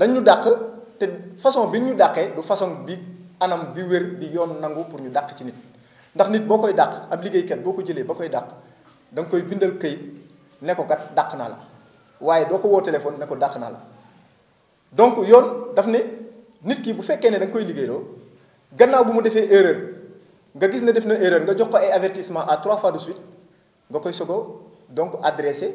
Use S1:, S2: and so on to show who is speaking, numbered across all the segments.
S1: dañ ñu dàq te façon bi ñu dàqee du façon bi anam bi wér bi yoon nangu pour ñu dàq ci nit ndax nit boo koy dàq ab liggéeykat boo ko jëlee ba koy dàq da nga koy bindal këyit ne ko kat dàq naa la waaye doo ko woo téléphone ne ko dàq naa la donc yoon daf ne nit ki bu fekkee ne da nga koy liggéeyloo gannaaw bu mu defee erreur nga gis ne def na erreur nga jox ko ay avertissement à trois fois de suite nga koy sogo donc adressé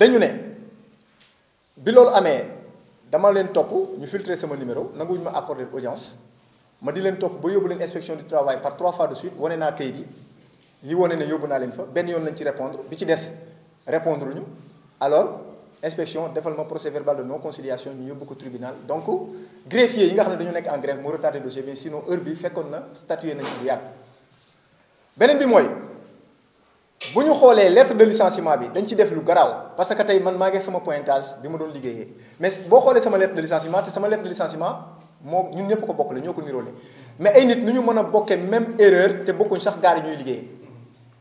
S1: dañu ne bi loolu amee dama leen topp ñu filtrer sama numéro nanguwuñu ma accordé audience ma di leen topp ba yóbbu leen inspection du travail par trois fois de suite wane naa kayit yi yi wane ne yóbbu naa leen fa benn yoon lañ ci répondre bi ci des répondre ñu alors inspection defal ma procès verbal de non conciliation ñu yóbbu ko tribunal donc greffier yi nga xam ne dañu nekk en grève moo retardé dossier bi sinon heure bi fekkoon na statué nañ ci bu yàgg beneen bi mooy. Vous avez des lettre de licenciement def parce que quand man pointage mais vous sama lettre de licenciement sama lettre de licenciement nous ñun pouvons ko Nous mais nous, nit ñu même erreur te bokkuñ sax Nous ñuy liggéeyee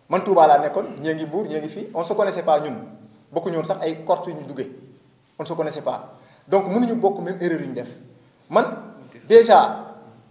S1: man Touba laa Nous ngi Nous ngi on se pas nous. se connaissait pas donc nous même erreur déjà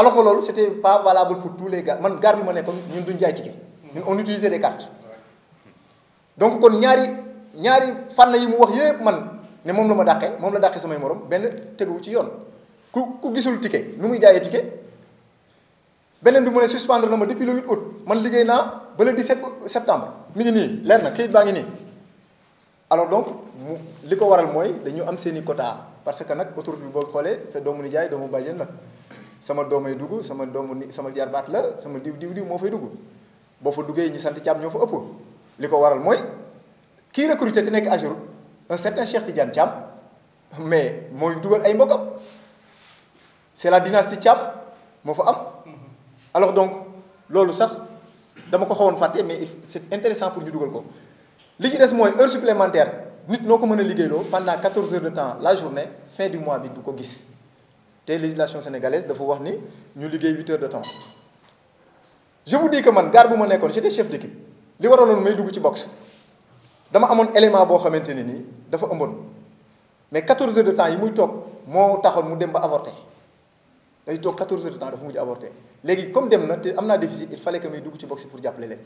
S1: alors que loolu c'était pas valable pour tous les gars man gare bi ma nekkoon ñun duñ jaay ticket ñun on utilisait des cartes donc kon ñaari ñaari fànn yi mu wax yëpp man ne moom la ma dàqee moom la dàqee samay morom benn teguwu ci yoon ku ku gisul ticket nu muy jaayee ticket beneen bi mu ne suspendre na ma depuis le 8 août man liggéey na ba le 17 septembre ni, ngi nii leer na kayit baa ngi alors donc mu waral moy, dañu am seen i quota parce que nag autoroute bi boo xoolee sa doomu nijaay doomu bàjjen la sama doomay dugg sama doomu ni sama jarbaat la sama diw diw diw moo fay dugg boo fa duggee ñi sant Thiam ñoo fa ëpp li ko waral mooy kii recruté te nekk Ageroute un certain Cheikh Tidiane Thiam mais mooy dugal ay mbokkam c'est la dynastie Thiam moo fa am. Mhm. alors donc loolu sax dama ko xawoon fàtte mais c'est intéressant pour ñu dugal ko li ci des mooy heure supplémentaire nit noo ko mën a liggéeyloo pendant 14 heures de temps la journée fin du mois bi du ko gis te législation sénégalaise dafa wax ni ñu liggéey 8 heures de temps je vous dis que man gaar bu ma nekkoon j'étais chef d'équipe li waronone may dugg ci box dama amone élément bo xamante ni dafa ëmboon mais 14 heures de temps yi muy toog mo taxone mu dem ba avorter. day toog 14 heures de temps dafa mujj avorter. Légui comme dem na te am naa déficit il fallait que may dugg ci box pour jàppale leen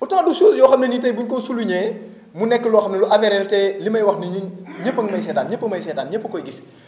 S1: autant de choses yo xamné ni tay buñ ko souligner mu nekk lo xamné lu avéré te li wax ni ñepp ak may sétane ñepp may sétane ñepp koy gis.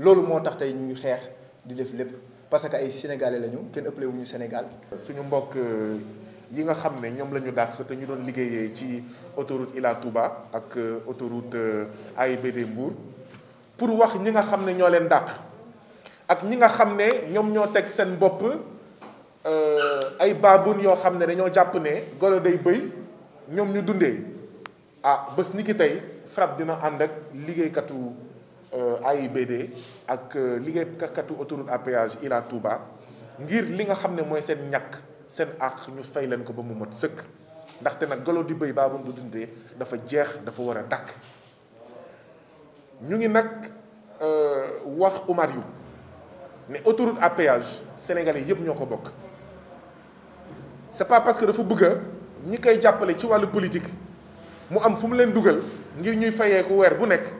S1: loolu motax tay tey ñuy xeex di def lepp parce que ay sénégalais lañu kenn ëppale wuñu Sénégal. suñu mbokk euh, yi nga xamné ñom lañu dakk te ñu doon liggéeyee ci
S2: autoroute Ila Touba ak euh, autoroute euh, AIBD Mbour pour wax ñi nga xamné ne ñoo leen dakk ak ñi nga xamné ñom ñoom ñoo teg seen euh ay baabun yo xamné dañoo japp né golo day bëy ñoom ñu dundé ah bës niki tay frappe dina and ak katou Euh, AIBD ak euh, liggéeykatu autoroute à péage Ila Touba ngir li nga xam ne mooy seen ñàkk seen àq ñu fay leen ko ba mu mat sëkk ndaxte nag golo di béy baabu du dundee dafa jeex dafa war a dàkk ñu ngi nag euh, wax Oumar Youm ne autoroute à péage sénégalais yëpp ñoo ko bokk c'est pas parce que dafa bëgg ñi koy jàppale ci wàllu politique mu am fu mu leen dugal ngir ñuy fayee ku weer bu nekk.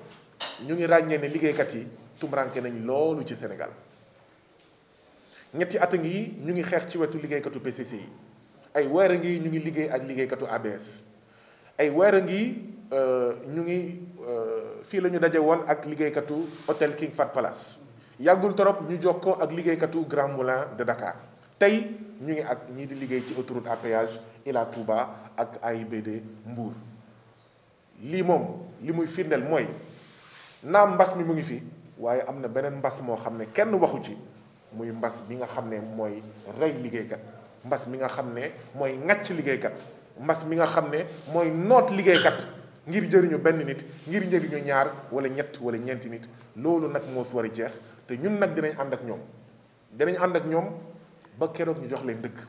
S2: ñu ngi ràññee ne liggéeykat yi tumranke nañu loolu ci senegal ñetti at a ngi ñu ngi xeex ci wetu liggéeykatu PCC yi ay weer ngi ñu ngi liggéey ak liggéeykatu ABS ay weer ngi euh, ñu ngi euh, fii la daje woon ak liggéeykatu hôtel King Fahd Palace yàggul torop ñu jox ak liggéeykatu Grand Moulin de Dakar tey ñu ngi ak ñii di liggéey ci autoroute à péage Ila Touba ak AIBD Mbour lii moom li muy firndeel mooy naam mbas mi mu ngi fi waaye am na beneen mbas moo xam ne kenn waxu ci muy mbas bi nga xam ne mooy liggéeykat mbas mi nga xam ne mooy ŋàcc liggéeykat mbas mi nga xam ne mooy noot liggéeykat ngir jëriñu benn nit ngir njëriñu ñaar wala ñett wala ñeenti nit loolu nag moo fi war a jeex te ñun nag dinañ ànd ak ñoom dinañ ànd ak ñoom ba keroog ñu jox leen dëkk